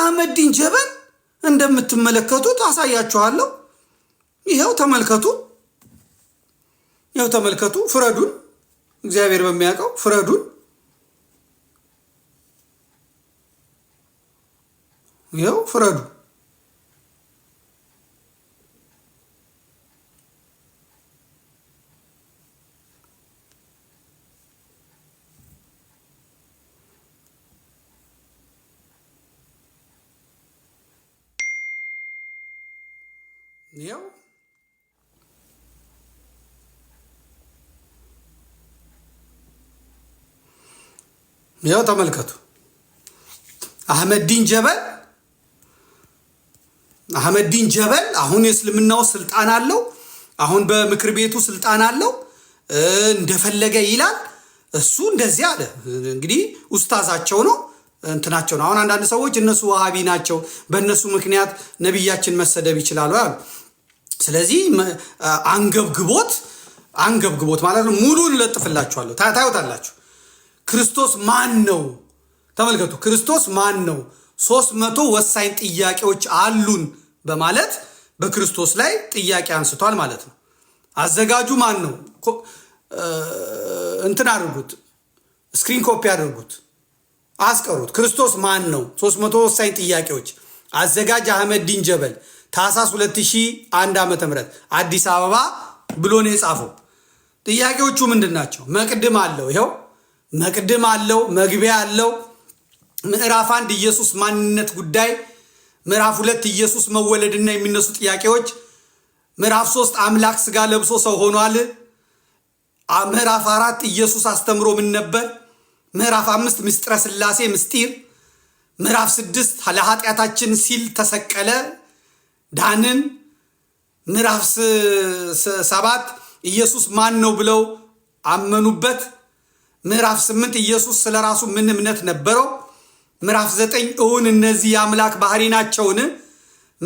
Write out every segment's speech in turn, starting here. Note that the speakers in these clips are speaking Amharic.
የአህመዲን ጀበን እንደምትመለከቱት አሳያችኋለሁ። ይኸው ተመልከቱ፣ ይኸው ተመልከቱ፣ ፍረዱን። እግዚአብሔር በሚያውቀው ፍረዱን። ይኸው ፍረዱ። ይኸው ይኸው ተመልከቱ። አህመዲን ጀበል አህመዲን ጀበል አሁን የእስልምናው ስልጣን አለው። አሁን በምክር ቤቱ ስልጣን አለው። እንደፈለገ ይላል። እሱ እንደዚህ አለ። እንግዲህ ውስታዛቸው ነው እንትናቸው ነው። አሁን አንዳንድ ሰዎች እነሱ ዋሃቢ ናቸው፣ በእነሱ ምክንያት ነቢያችን መሰደብ ይችላሉ አሉ። ስለዚህ አንገብግቦት አንገብግቦት ማለት ነው። ሙሉን ለጥፍላችኋለሁ፣ ታዩታላችሁ። ክርስቶስ ማን ነው? ተመልከቱ፣ ክርስቶስ ማን ነው? ሶስት መቶ ወሳኝ ጥያቄዎች አሉን በማለት በክርስቶስ ላይ ጥያቄ አንስቷል ማለት ነው። አዘጋጁ ማን ነው? እንትን አድርጉት፣ ስክሪን ኮፒ አድርጉት፣ አስቀሩት። ክርስቶስ ማን ነው? ሶስት መቶ ወሳኝ ጥያቄዎች አዘጋጅ አህመዲን ጀበል ታህሳስ 2001 ዓ.ም አዲስ አበባ ብሎ ነው የጻፈው። ጥያቄዎቹ ምንድን ናቸው? መቅድም አለው ይኸው መቅድም አለው፣ መግቢያ አለው። ምዕራፍ አንድ ኢየሱስ ማንነት ጉዳይ፣ ምዕራፍ ሁለት ኢየሱስ መወለድና የሚነሱ ጥያቄዎች፣ ምዕራፍ ሶስት አምላክ ስጋ ለብሶ ሰው ሆኗል፣ ምዕራፍ አራት ኢየሱስ አስተምሮ ምን ነበር፣ ምዕራፍ አምስት ምስጢረ ስላሴ ምስጢር፣ ምዕራፍ ስድስት ለኃጢአታችን ሲል ተሰቀለ ዳንን ምዕራፍ ሰባት ኢየሱስ ማን ነው ብለው አመኑበት። ምዕራፍ ስምንት ኢየሱስ ስለ ራሱ ምን እምነት ነበረው? ምዕራፍ ዘጠኝ እውን እነዚህ የአምላክ ባህሪ ናቸውን?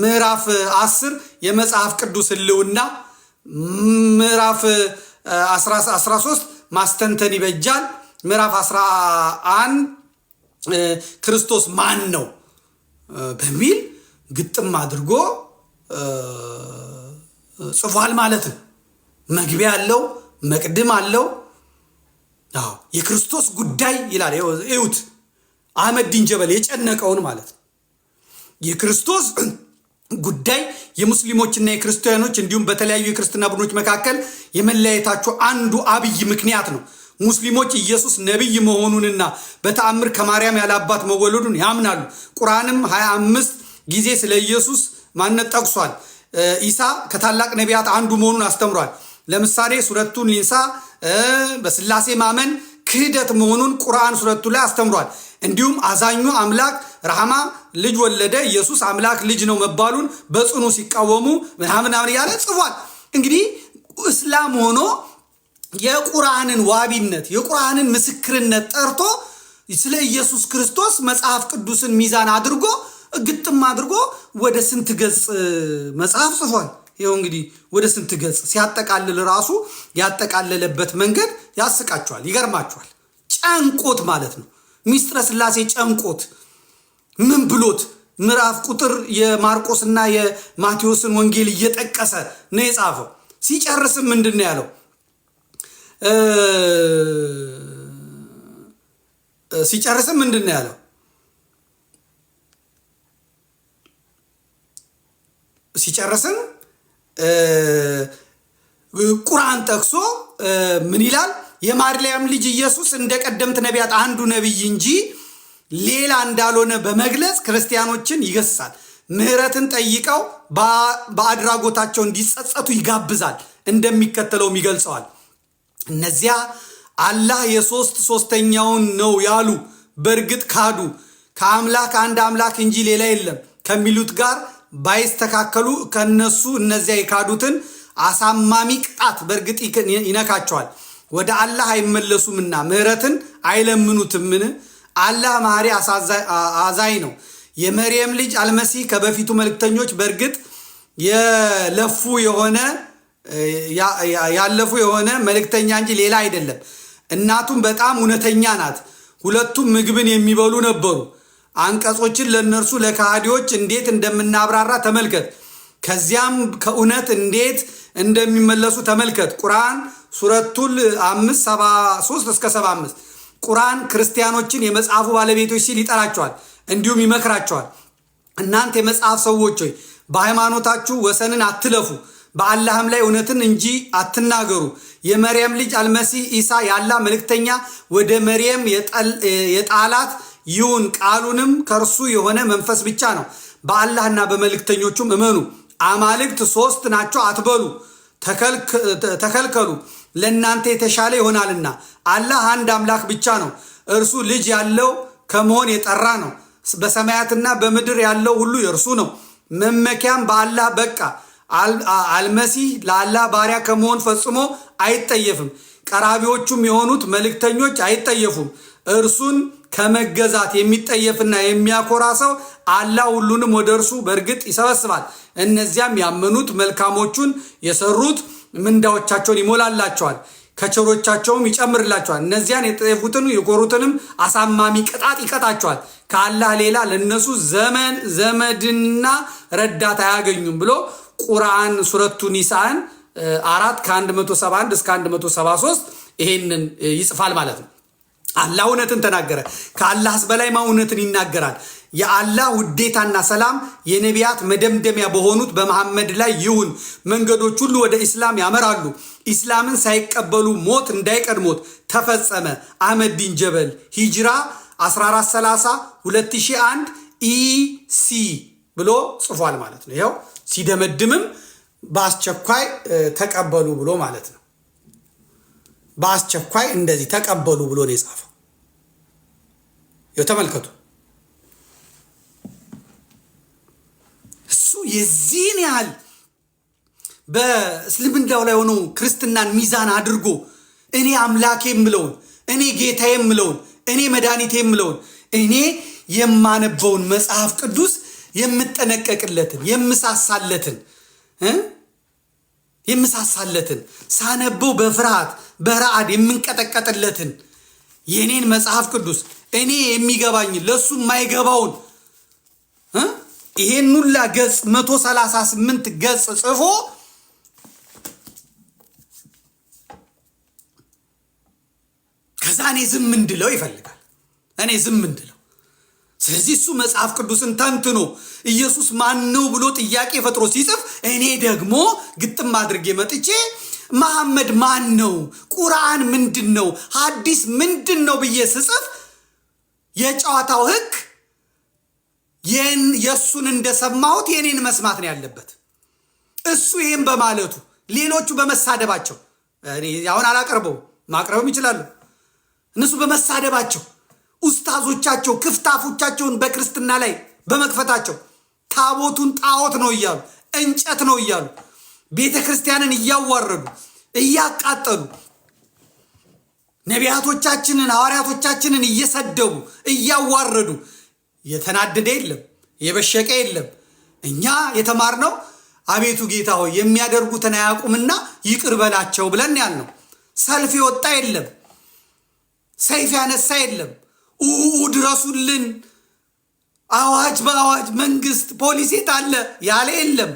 ምዕራፍ አስር የመጽሐፍ ቅዱስ ህልውና ምዕራፍ 13 ማስተንተን ይበጃል። ምዕራፍ አንድ ክርስቶስ ማን ነው በሚል ግጥም አድርጎ ጽፏል ማለት ነው። መግቢያ አለው፣ መቅድም አለው። አዎ የክርስቶስ ጉዳይ ይላል። እዩት አህመዲን ድንጀበል የጨነቀውን ማለት ነው። የክርስቶስ ጉዳይ የሙስሊሞችና የክርስቲያኖች እንዲሁም በተለያዩ የክርስትና ቡድኖች መካከል የመለያየታቸው አንዱ አብይ ምክንያት ነው። ሙስሊሞች ኢየሱስ ነቢይ መሆኑንና በተአምር ከማርያም ያለ አባት መወለዱን ያምናሉ። ቁርአንም 25 ጊዜ ስለ ኢየሱስ ማንነት ጠቅሷል። ኢሳ ከታላቅ ነቢያት አንዱ መሆኑን አስተምሯል። ለምሳሌ ሱረቱን ሊንሳ በስላሴ ማመን ክህደት መሆኑን ቁርአን ሱረቱ ላይ አስተምሯል። እንዲሁም አዛኙ አምላክ ረሃማ ልጅ ወለደ ኢየሱስ አምላክ ልጅ ነው መባሉን በጽኑ ሲቃወሙ ምናምናምን እያለ ጽፏል። እንግዲህ እስላም ሆኖ የቁርአንን ዋቢነት የቁርአንን ምስክርነት ጠርቶ ስለ ኢየሱስ ክርስቶስ መጽሐፍ ቅዱስን ሚዛን አድርጎ ግጥም አድርጎ ወደ ስንት ገጽ መጽሐፍ ጽፏል። ይኸው እንግዲህ ወደ ስንት ገጽ ሲያጠቃልል ራሱ ያጠቃለለበት መንገድ ያስቃችኋል፣ ይገርማችኋል። ጨንቆት ማለት ነው። ሚስጥረ ስላሴ ጨንቆት ምን ብሎት ምዕራፍ ቁጥር የማርቆስና የማቴዎስን ወንጌል እየጠቀሰ ነው የጻፈው። ሲጨርስም ምንድን ነው ያለው? ሲጨርስም ምንድን ነው ያለው? ሲጨርስም ቁርአን ጠቅሶ ምን ይላል? የማርያም ልጅ ኢየሱስ እንደ ቀደምት ነቢያት አንዱ ነቢይ እንጂ ሌላ እንዳልሆነ በመግለጽ ክርስቲያኖችን ይገስሳል። ምሕረትን ጠይቀው በአድራጎታቸው እንዲጸጸቱ ይጋብዛል። እንደሚከተለውም ይገልጸዋል። እነዚያ አላህ የሶስት ሶስተኛውን ነው ያሉ በእርግጥ ካዱ፣ ከአምላክ አንድ አምላክ እንጂ ሌላ የለም ከሚሉት ጋር ባይስተካከሉ ከነሱ እነዚያ የካዱትን አሳማሚ ቅጣት በእርግጥ ይነካቸዋል። ወደ አላህ አይመለሱምና ምህረትን አይለምኑትምን? አላህ ማሪ አዛኝ ነው። የመርየም ልጅ አልመሲህ ከበፊቱ መልክተኞች በእርግጥ የለፉ የሆነ ያለፉ የሆነ መልክተኛ እንጂ ሌላ አይደለም። እናቱም በጣም እውነተኛ ናት። ሁለቱም ምግብን የሚበሉ ነበሩ። አንቀጾችን ለእነርሱ ለካሃዲዎች እንዴት እንደምናብራራ ተመልከት። ከዚያም ከእውነት እንዴት እንደሚመለሱ ተመልከት። ቁርአን ሱረቱል 5 73 እስከ 75 ቁርአን ክርስቲያኖችን የመጽሐፉ ባለቤቶች ሲል ይጠራቸዋል፣ እንዲሁም ይመክራቸዋል። እናንተ የመጽሐፍ ሰዎች ሆይ በሃይማኖታችሁ ወሰንን አትለፉ፣ በአላህም ላይ እውነትን እንጂ አትናገሩ። የመርየም ልጅ አልመሲህ ኢሳ ያላ መልእክተኛ ወደ መርየም የጣላት ይሁን ቃሉንም ከእርሱ የሆነ መንፈስ ብቻ ነው። በአላህና በመልእክተኞቹም እመኑ። አማልክት ሶስት ናቸው አትበሉ፣ ተከልከሉ፣ ለእናንተ የተሻለ ይሆናልና። አላህ አንድ አምላክ ብቻ ነው። እርሱ ልጅ ያለው ከመሆን የጠራ ነው። በሰማያትና በምድር ያለው ሁሉ የእርሱ ነው። መመኪያም በአላህ በቃ። አልመሲህ ለአላህ ባሪያ ከመሆን ፈጽሞ አይጠየፍም። ቀራቢዎቹም የሆኑት መልእክተኞች አይጠየፉም። እርሱን ከመገዛት የሚጠየፍና የሚያኮራ ሰው አላህ ሁሉንም ወደ እርሱ በእርግጥ ይሰበስባል። እነዚያም ያመኑት መልካሞቹን የሰሩት ምንዳዎቻቸውን ይሞላላቸዋል፣ ከቸሮቻቸውም ይጨምርላቸዋል። እነዚያን የጠየፉትን የኮሩትንም አሳማሚ ቅጣት ይቀጣቸዋል። ከአላህ ሌላ ለነሱ ዘመን ዘመድና ረዳት አያገኙም ብሎ ቁርአን ሱረቱ ኒሳን አራት ከ171 እስከ 173 ይሄንን ይጽፋል ማለት ነው። አላህ እውነትን ተናገረ። ከአላህስ በላይ ማ እውነትን ይናገራል። የአላህ ውዴታና ሰላም የነቢያት መደምደሚያ በሆኑት በመሐመድ ላይ ይሁን። መንገዶች ሁሉ ወደ ኢስላም ያመራሉ። ኢስላምን ሳይቀበሉ ሞት እንዳይቀድሞት ተፈጸመ። አህመዲን ጀበል ሂጅራ 1430 2001 ኢሲ ብሎ ጽፏል ማለት ነው። ይኸው ሲደመድምም በአስቸኳይ ተቀበሉ ብሎ ማለት ነው። በአስቸኳይ እንደዚህ ተቀበሉ ብሎ ነው የጻፈው። ተመልከቱ። እሱ የዚህን ያህል በእስልምናው ላይ ሆኖ ክርስትናን ሚዛን አድርጎ እኔ አምላክ የምለውን እኔ ጌታ የምለውን እኔ መድኃኒት የምለውን እኔ የማነበውን መጽሐፍ ቅዱስ የምጠነቀቅለትን የምሳሳለትን የምሳሳለትን ሳነበው በፍርሃት በረአድ የምንቀጠቀጥለትን የእኔን መጽሐፍ ቅዱስ እኔ የሚገባኝ ለእሱ የማይገባውን ይሄን ሁላ ገጽ 138 ገጽ ጽፎ ከዛ እኔ ዝም እንድለው ይፈልጋል። እኔ ዝም እንድለው ስለዚህ እሱ መጽሐፍ ቅዱስን ተንትኖ ኢየሱስ ማን ነው ብሎ ጥያቄ ፈጥሮ ሲጽፍ እኔ ደግሞ ግጥም አድርጌ መጥቼ መሐመድ ማን ነው፣ ቁርአን ምንድን ነው፣ ሐዲስ ምንድን ነው ብዬ ስጽፍ የጨዋታው ህግ የእሱን እንደሰማሁት የኔን መስማት ነው ያለበት። እሱ ይህም በማለቱ ሌሎቹ በመሳደባቸው አሁን አላቀርበው ማቅረብም ይችላሉ። እነሱ በመሳደባቸው ኡስታዞቻቸው ክፍታፎቻቸውን በክርስትና ላይ በመክፈታቸው ታቦቱን ጣዖት ነው እያሉ እንጨት ነው እያሉ ቤተ ክርስቲያንን እያዋረዱ እያቃጠሉ ነቢያቶቻችንን ሐዋርያቶቻችንን እየሰደቡ እያዋረዱ የተናደደ የለም፣ የበሸቀ የለም። እኛ የተማርነው አቤቱ ጌታ ሆይ የሚያደርጉትን አያውቁምና ይቅር በላቸው ብለን ያልነው። ሰልፍ የወጣ የለም፣ ሰይፍ ያነሳ የለም። ኡኡ ድረሱልን፣ አዋጅ በአዋጅ መንግስት ፖሊስ ጣለ ያለ የለም።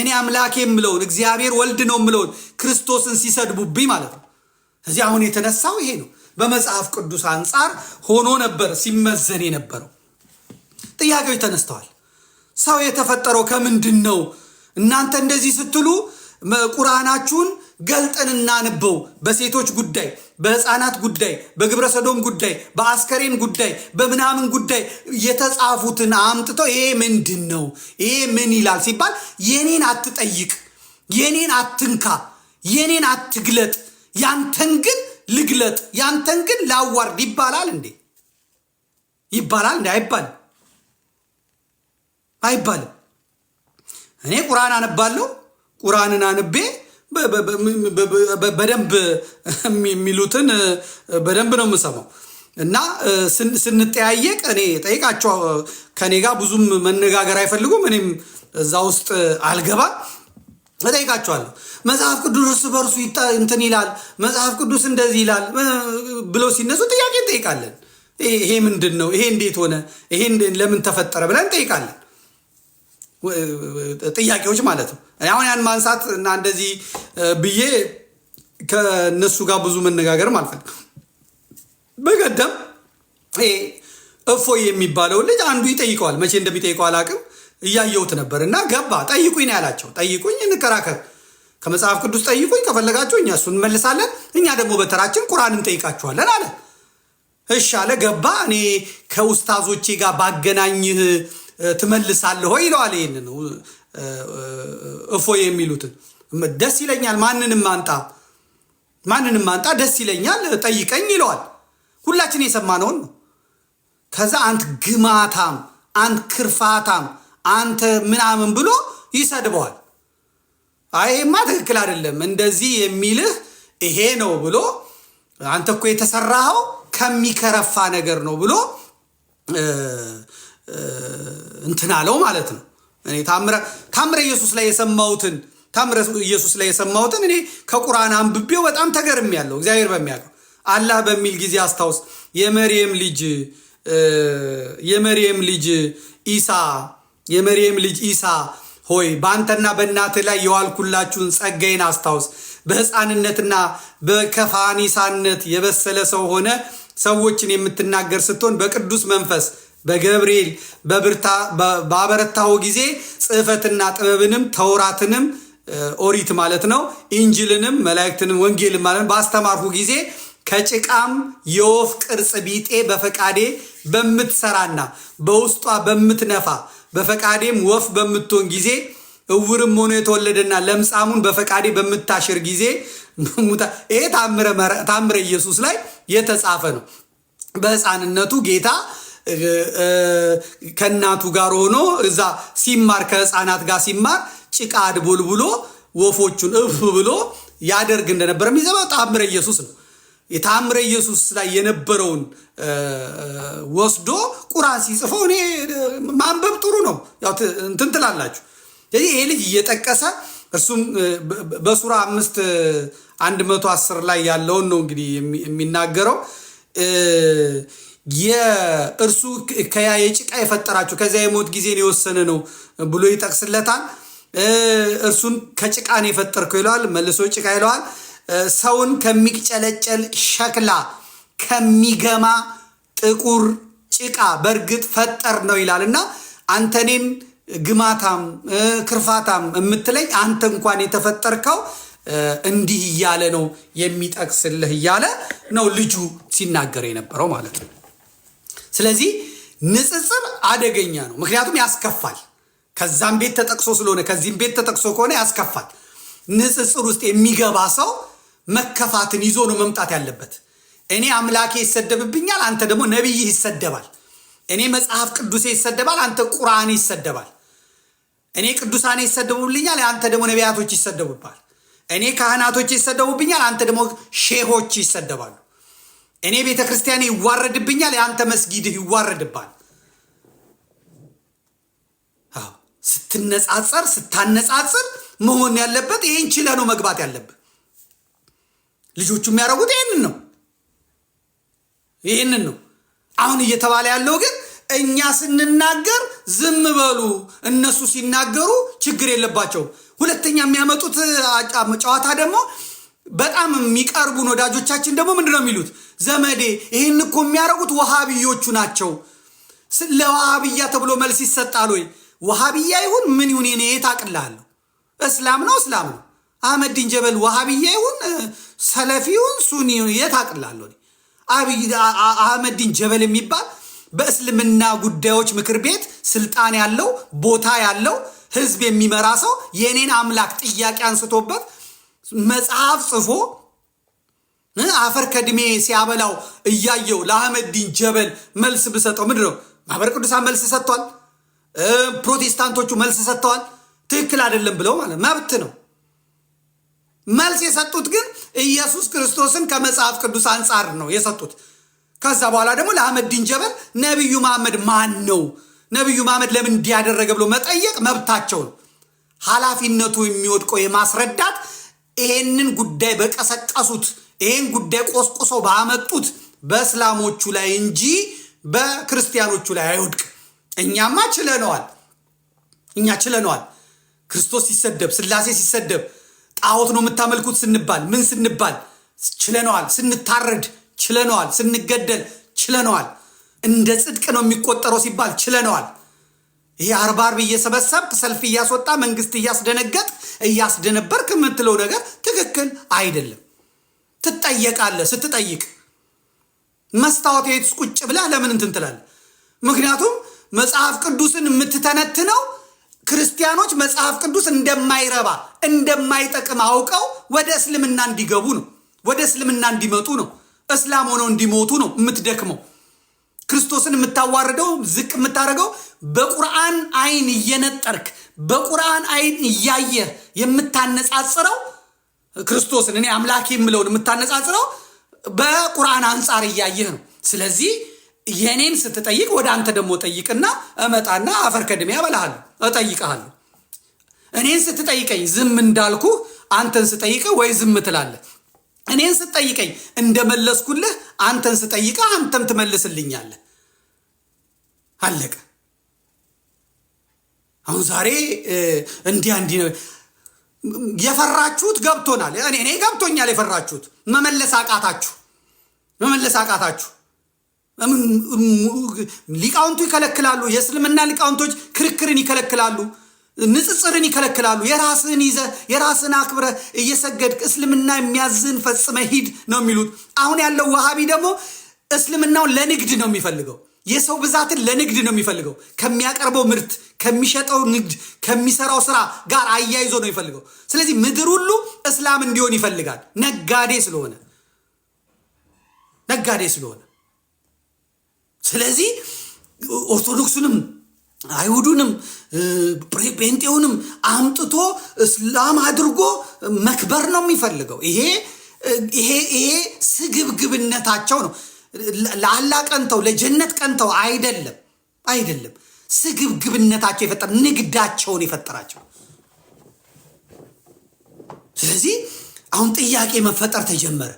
እኔ አምላኬ የምለውን እግዚአብሔር ወልድ ነው የምለውን ክርስቶስን ሲሰድቡብኝ ማለት ነው። እዚህ አሁን የተነሳው ይሄ ነው። በመጽሐፍ ቅዱስ አንጻር ሆኖ ነበር ሲመዘን የነበረው። ጥያቄዎች ተነስተዋል። ሰው የተፈጠረው ከምንድን ነው? እናንተ እንደዚህ ስትሉ ቁርአናችሁን ገልጠን እናንበው። በሴቶች ጉዳይ በህፃናት ጉዳይ፣ በግብረ ሰዶም ጉዳይ፣ በአስከሬን ጉዳይ፣ በምናምን ጉዳይ የተጻፉትን አምጥተው ይሄ ምንድን ነው ይሄ ምን ይላል ሲባል የኔን አትጠይቅ፣ የኔን አትንካ፣ የኔን አትግለጥ፣ ያንተን ግን ልግለጥ፣ ያንተን ግን ላዋርድ ይባላል እንዴ? ይባላል እንዴ? አይባልም፣ አይባልም። እኔ ቁርአን አነባለሁ። ቁርአንን አንቤ በደንብ የሚሉትን በደንብ ነው የምሰማው እና ስንጠያየቅ እኔ ጠይቃቸው ከኔ ጋር ብዙም መነጋገር አይፈልጉም። እኔም እዛ ውስጥ አልገባ እጠይቃቸዋለሁ። መጽሐፍ ቅዱስ እርስ በእርሱ እንትን ይላል፣ መጽሐፍ ቅዱስ እንደዚህ ይላል ብለው ሲነሱ ጥያቄ እንጠይቃለን። ይሄ ምንድን ነው? ይሄ እንዴት ሆነ? ይሄ ለምን ተፈጠረ? ብለን እንጠይቃለን። ጥያቄዎች ማለት ነው። አሁን ያን ማንሳት እና እንደዚህ ብዬ ከነሱ ጋር ብዙ መነጋገር ማለት በቀደም እፎይ የሚባለው ልጅ አንዱ ይጠይቀዋል፣ መቼ እንደሚጠይቀው አቅም እያየሁት ነበር እና ገባ። ጠይቁኝ ነው ያላቸው። ጠይቁኝ፣ እንከራከር፣ ከመጽሐፍ ቅዱስ ጠይቁኝ፣ ከፈለጋችሁ እኛ እሱን እንመልሳለን፣ እኛ ደግሞ በተራችን ቁርአን እንጠይቃችኋለን አለ። እሺ አለ፣ ገባ። እኔ ከውስታዞቼ ጋር ባገናኝህ ትመልሳለህ ይለዋል። ይህንን እፎ የሚሉትን ደስ ይለኛል፣ ማንንም ማንጣ ማንንም ማንጣ ደስ ይለኛል፣ ጠይቀኝ ይለዋል። ሁላችን የሰማነውን ነው። ከዛ አንት ግማታም፣ አንት ክርፋታም፣ አንተ ምናምን ብሎ ይሰድበዋል። ይሄማ ትክክል አይደለም፣ እንደዚህ የሚልህ ይሄ ነው ብሎ አንተ እኮ የተሰራኸው ከሚከረፋ ነገር ነው ብሎ እንትን አለው ማለት ነው። እኔ ታምረ ታምረ ኢየሱስ ላይ የሰማሁትን ታምረ ኢየሱስ ላይ የሰማሁትን እኔ ከቁርአን አንብቤው በጣም ተገርም ያለው እግዚአብሔር በሚያውቀው አላህ በሚል ጊዜ አስታውስ የመርየም ልጅ የመርየም ልጅ ኢሳ የመርየም ልጅ ኢሳ ሆይ በአንተና በእናትህ ላይ የዋልኩላችሁን ጸጋዬን አስታውስ። በሕፃንነትና በከፋኒሳነት የበሰለ ሰው ሆነ ሰዎችን የምትናገር ስትሆን በቅዱስ መንፈስ በገብርኤል በብርታ ጊዜ ጽህፈትና ጥበብንም ተውራትንም ኦሪት ማለት ነው ኢንጅልንም መላእክትንም ወንጌልን ማለት ነው ባስተማርኩ ጊዜ ከጭቃም የወፍ ቅርጽ ቢጤ በፈቃዴ በምትሰራና በውስጧ በምትነፋ በፈቃዴም ወፍ በምትሆን ጊዜ እውርም ሆኖ የተወለደና ለምጻሙን በፈቃዴ በምታሽር ጊዜ ይሄ ታምረ ኢየሱስ ላይ የተጻፈ ነው። በህፃንነቱ ጌታ ከእናቱ ጋር ሆኖ እዛ ሲማር ከህፃናት ጋር ሲማር ጭቃ ብሎ ወፎቹን እፍ ብሎ ያደርግ እንደነበረ የሚዘባ ተአምረ ኢየሱስ ነው። የተአምረ ኢየሱስ ላይ የነበረውን ወስዶ ቁራን ሲጽፈው እኔ ማንበብ ጥሩ ነው እንትን ትላላችሁ። ስለዚህ ይሄ ልጅ እየጠቀሰ እርሱም በሱራ አምስት አንድ መቶ አስር ላይ ያለውን ነው እንግዲህ የሚናገረው የእርሱ ከያ የጭቃ የፈጠራችሁ ከዚያ የሞት ጊዜን የወሰነ ነው ብሎ ይጠቅስለታል። እርሱን ከጭቃን የፈጠርከው ይለዋል፣ መልሶ ጭቃ ይለዋል። ሰውን ከሚቅጨለጨል ሸክላ ከሚገማ ጥቁር ጭቃ በእርግጥ ፈጠር ነው ይላል እና አንተ እኔን ግማታም ክርፋታም የምትለኝ አንተ እንኳን የተፈጠርከው እንዲህ እያለ ነው የሚጠቅስልህ እያለ ነው ልጁ ሲናገር የነበረው ማለት ነው። ስለዚህ ንጽጽር አደገኛ ነው፣ ምክንያቱም ያስከፋል። ከዛም ቤት ተጠቅሶ ስለሆነ ከዚህም ቤት ተጠቅሶ ከሆነ ያስከፋል። ንጽጽር ውስጥ የሚገባ ሰው መከፋትን ይዞ ነው መምጣት ያለበት። እኔ አምላኬ ይሰደብብኛል፣ አንተ ደግሞ ነቢይህ ይሰደባል። እኔ መጽሐፍ ቅዱሴ ይሰደባል፣ አንተ ቁርአን ይሰደባል። እኔ ቅዱሳኔ ይሰደቡልኛል፣ አንተ ደግሞ ነቢያቶች ይሰደቡባል። እኔ ካህናቶች ይሰደቡብኛል፣ አንተ ደግሞ ሼሆች ይሰደባሉ። እኔ ቤተ ክርስቲያን ይዋረድብኛል፣ የአንተ መስጊድህ ይዋረድባል። ስትነጻጸር ስታነጻጽር መሆን ያለበት ይህን ችለ ነው መግባት ያለብህ። ልጆቹ የሚያደርጉት ይህንን ነው ይህንን ነው። አሁን እየተባለ ያለው ግን እኛ ስንናገር ዝም በሉ፣ እነሱ ሲናገሩ ችግር የለባቸውም። ሁለተኛ የሚያመጡት ጨዋታ ደግሞ በጣም የሚቀርቡን ወዳጆቻችን ደግሞ ምንድን ነው የሚሉት ዘመዴ ይህን እኮ የሚያደርጉት ውሃብዮቹ ናቸው። ለውሃብያ ተብሎ መልስ ይሰጣል ወይ? ውሃብያ ይሁን ምን ይሁን ኔ ታቅላለሁ። እስላም ነው እስላም ነው። አህመድ ጀበል ውሃብያ ይሁን ሰለፊ ይሁን ሱኒ የት ጀበል የሚባል በእስልምና ጉዳዮች ምክር ቤት ስልጣን ያለው ቦታ ያለው ህዝብ የሚመራ ሰው የእኔን አምላክ ጥያቄ አንስቶበት መጽሐፍ ጽፎ አፈር ከድሜ ሲያበላው እያየው ለአህመዲን ጀበል መልስ ብሰጠው ምንድን ነው? ማህበረ ቅዱሳን መልስ ሰጥቷል። ፕሮቴስታንቶቹ መልስ ሰጥተዋል። ትክክል አይደለም ብለው ማለት መብት ነው። መልስ የሰጡት ግን ኢየሱስ ክርስቶስን ከመጽሐፍ ቅዱስ አንጻር ነው የሰጡት። ከዛ በኋላ ደግሞ ለአህመዲን ጀበል ነቢዩ መሐመድ ማን ነው፣ ነቢዩ መሐመድ ለምን እንዲያደረገ ብሎ መጠየቅ መብታቸው ነው። ኃላፊነቱ የሚወድቀው የማስረዳት ይሄንን ጉዳይ በቀሰቀሱት ይህን ጉዳይ ቆስቁሰው ባመጡት በእስላሞቹ ላይ እንጂ በክርስቲያኖቹ ላይ አይወድቅ። እኛማ ችለነዋል፣ እኛ ችለነዋል። ክርስቶስ ሲሰደብ፣ ስላሴ ሲሰደብ፣ ጣዖት ነው የምታመልኩት ስንባል ምን ስንባል ችለነዋል። ስንታረድ ችለነዋል። ስንገደል ችለነዋል። እንደ ጽድቅ ነው የሚቆጠረው ሲባል ችለነዋል። ይሄ አርባ አርብ እየሰበሰብ ሰልፍ እያስወጣ መንግስት እያስደነገጥ እያስደነበር ከምትለው ነገር ትክክል አይደለም። ትጠየቃለህ። ስትጠይቅ መስታወት የትስ ቁጭ ብላ ለምን እንትን ትላለህ? ምክንያቱም መጽሐፍ ቅዱስን የምትተነትነው ክርስቲያኖች መጽሐፍ ቅዱስ እንደማይረባ እንደማይጠቅም አውቀው ወደ እስልምና እንዲገቡ ነው፣ ወደ እስልምና እንዲመጡ ነው፣ እስላም ሆነው እንዲሞቱ ነው የምትደክመው። ክርስቶስን የምታዋርደው ዝቅ የምታደርገው በቁርአን አይን እየነጠርክ በቁርአን አይን እያየህ የምታነጻጽረው ክርስቶስን እኔ አምላክ የምለውን የምታነጻጽረው በቁርአን አንጻር እያየህ ነው። ስለዚህ የኔን ስትጠይቅ ወደ አንተ ደግሞ ጠይቅና እመጣና አፈር ከድሜ ያበላሃል እጠይቀሃል። እኔን ስትጠይቀኝ ዝም እንዳልኩ አንተን ስጠይቀ ወይ ዝም ትላለህ። እኔን ስትጠይቀኝ እንደመለስኩልህ አንተን ስጠይቀ አንተም ትመልስልኛለህ። አለቀ። አሁን ዛሬ እንዲያ እንዲህ ነው የፈራችሁት ገብቶናል። እኔ እኔ ገብቶኛል። የፈራችሁት መመለስ አቃታችሁ፣ መመለስ አቃታችሁ። ሊቃውንቱ ይከለክላሉ። የእስልምና ሊቃውንቶች ክርክርን ይከለክላሉ፣ ንጽጽርን ይከለክላሉ። የራስን ይዘ የራስን አክብረ እየሰገድ እስልምና የሚያዝን ፈጽመ ሂድ ነው የሚሉት። አሁን ያለው ዋሃቢ ደግሞ እስልምናውን ለንግድ ነው የሚፈልገው። የሰው ብዛትን ለንግድ ነው የሚፈልገው። ከሚያቀርበው ምርት፣ ከሚሸጠው ንግድ፣ ከሚሰራው ስራ ጋር አያይዞ ነው የሚፈልገው። ስለዚህ ምድር ሁሉ እስላም እንዲሆን ይፈልጋል። ነጋዴ ስለሆነ ነጋዴ ስለሆነ ስለዚህ ኦርቶዶክሱንም አይሁዱንም ጴንጤውንም አምጥቶ እስላም አድርጎ መክበር ነው የሚፈልገው። ይሄ ይሄ ይሄ ስግብግብነታቸው ነው። ለአላ ቀንተው ለጀነት ቀንተው አይደለም አይደለም። ስግብግብነታቸው የፈጠረ ንግዳቸውን የፈጠራቸው። ስለዚህ አሁን ጥያቄ መፈጠር ተጀመረ።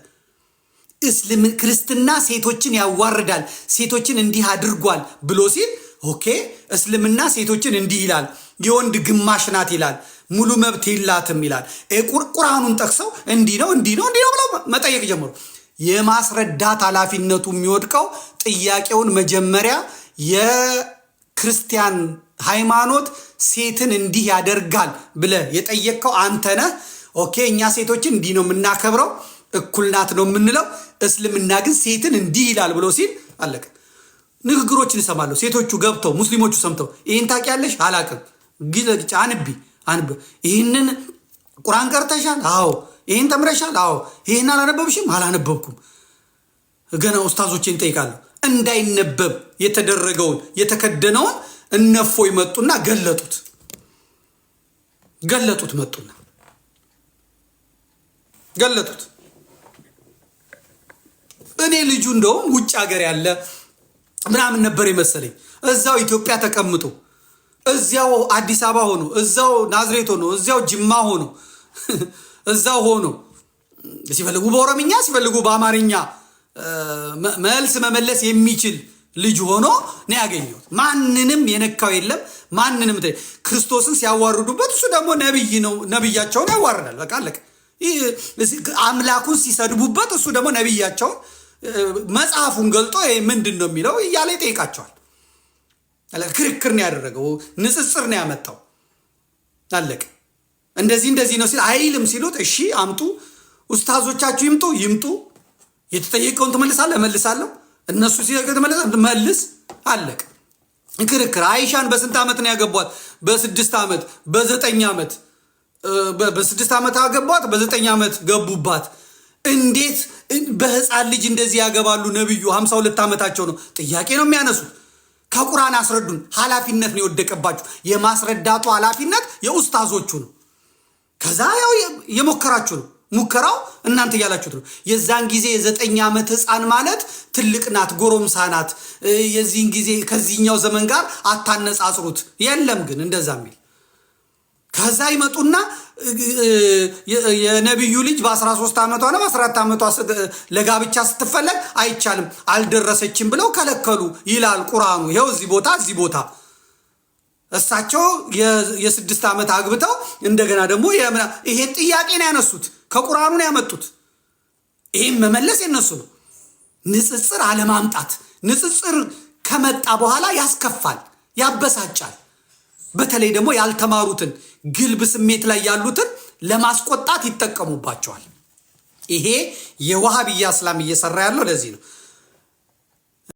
እስልም ክርስትና ሴቶችን ያዋርዳል፣ ሴቶችን እንዲህ አድርጓል ብሎ ሲል ኦኬ፣ እስልምና ሴቶችን እንዲህ ይላል፣ የወንድ ግማሽ ናት ይላል፣ ሙሉ መብት የላትም ይላል። ቁርአኑን ጠቅሰው እንዲህ ነው እንዲህ ነው እንዲህ ነው ብለው መጠየቅ ጀመሩ። የማስረዳት ኃላፊነቱ የሚወድቀው ጥያቄውን መጀመሪያ የክርስቲያን ሃይማኖት ሴትን እንዲህ ያደርጋል ብለ የጠየቅከው አንተ ነህ። ኦኬ እኛ ሴቶችን እንዲህ ነው የምናከብረው፣ እኩልናት ነው የምንለው። እስልምና ግን ሴትን እንዲህ ይላል ብሎ ሲል አለቀ። ንግግሮችን እሰማለሁ። ሴቶቹ ገብተው ሙስሊሞቹ ሰምተው ይህን ታውቂያለሽ? አላቅም። አንቢ አንብ ይህንን ቁርአን ቀርተሻል? አዎ ይህን ተምረሻል? አዎ። ይህን አላነበብሽም? አላነበብኩም። ገና ኡስታዞቼን ጠይቃለሁ። እንዳይነበብ የተደረገውን የተከደነውን እነፎ መጡና ገለጡት ገለጡት መጡና ገለጡት። እኔ ልጁ እንደውም ውጭ ሀገር ያለ ምናምን ነበር የመሰለኝ። እዛው ኢትዮጵያ ተቀምጦ እዚያው አዲስ አበባ ሆኖ እዛው ናዝሬት ሆኖ እዚያው ጅማ ሆኖ እዛው ሆኖ ሲፈልጉ በኦሮምኛ ሲፈልጉ በአማርኛ መልስ መመለስ የሚችል ልጅ ሆኖ ነው ያገኘሁት። ማንንም የነካው የለም። ማንንም ክርስቶስን ሲያዋርዱበት እሱ ደግሞ ነብይ ነው፣ ነብያቸውን ያዋርዳል። በቃ አለቀ። አምላኩን ሲሰድቡበት እሱ ደግሞ ነብያቸውን መጽሐፉን ገልጦ ምንድን ነው የሚለው እያለ ይጠይቃቸዋል። ክርክር ነው ያደረገው፣ ንጽጽር ነው ያመጣው። አለቀ። እንደዚህ እንደዚህ ነው ሲል አይልም ሲሉት፣ እሺ አምጡ ኡስታዞቻችሁ ይምጡ ይምጡ፣ የተጠየቀውን ትመልሳለህ መልሳለሁ፣ እነሱ ሲነገር ትመልሳለህ መልስ፣ አለቅ ክርክር። አይሻን በስንት ዓመት ነው ያገቧት? በስድስት ዓመት በዘጠኝ ዓመት በስድስት ዓመት አገቧት፣ በዘጠኝ ዓመት ገቡባት። እንዴት በህፃን ልጅ እንደዚህ ያገባሉ? ነቢዩ ሀምሳ ሁለት ዓመታቸው ነው። ጥያቄ ነው የሚያነሱት። ከቁርአን አስረዱን። ኃላፊነት ነው የወደቀባችሁ። የማስረዳቱ ኃላፊነት የኡስታዞቹ ነው። ከዛ ያው የሞከራችሁ ነው ሙከራው እናንተ እያላችሁት ነው። የዛን ጊዜ የዘጠኝ ዓመት ህፃን ማለት ትልቅ ናት፣ ጎረምሳ ናት። የዚህን ጊዜ ከዚህኛው ዘመን ጋር አታነጻጽሩት። የለም ግን እንደዛ የሚል ከዛ ይመጡና የነቢዩ ልጅ በ13 ዓመቷ ነ በ14 ዓመቷ ለጋብቻ ስትፈለግ አይቻልም፣ አልደረሰችም ብለው ከለከሉ ይላል ቁርአኑ። ይኸው እዚህ ቦታ እዚህ ቦታ እሳቸው የስድስት ዓመት አግብተው እንደገና ደግሞ ይሄን ጥያቄ ነው ያነሱት፣ ከቁርአኑ ነው ያመጡት። ይህም መመለስ የነሱ ነው። ንጽጽር አለማምጣት። ንጽጽር ከመጣ በኋላ ያስከፋል፣ ያበሳጫል። በተለይ ደግሞ ያልተማሩትን ግልብ ስሜት ላይ ያሉትን ለማስቆጣት ይጠቀሙባቸዋል። ይሄ የዋሃብያ እስላም እየሰራ ያለው ለዚህ ነው።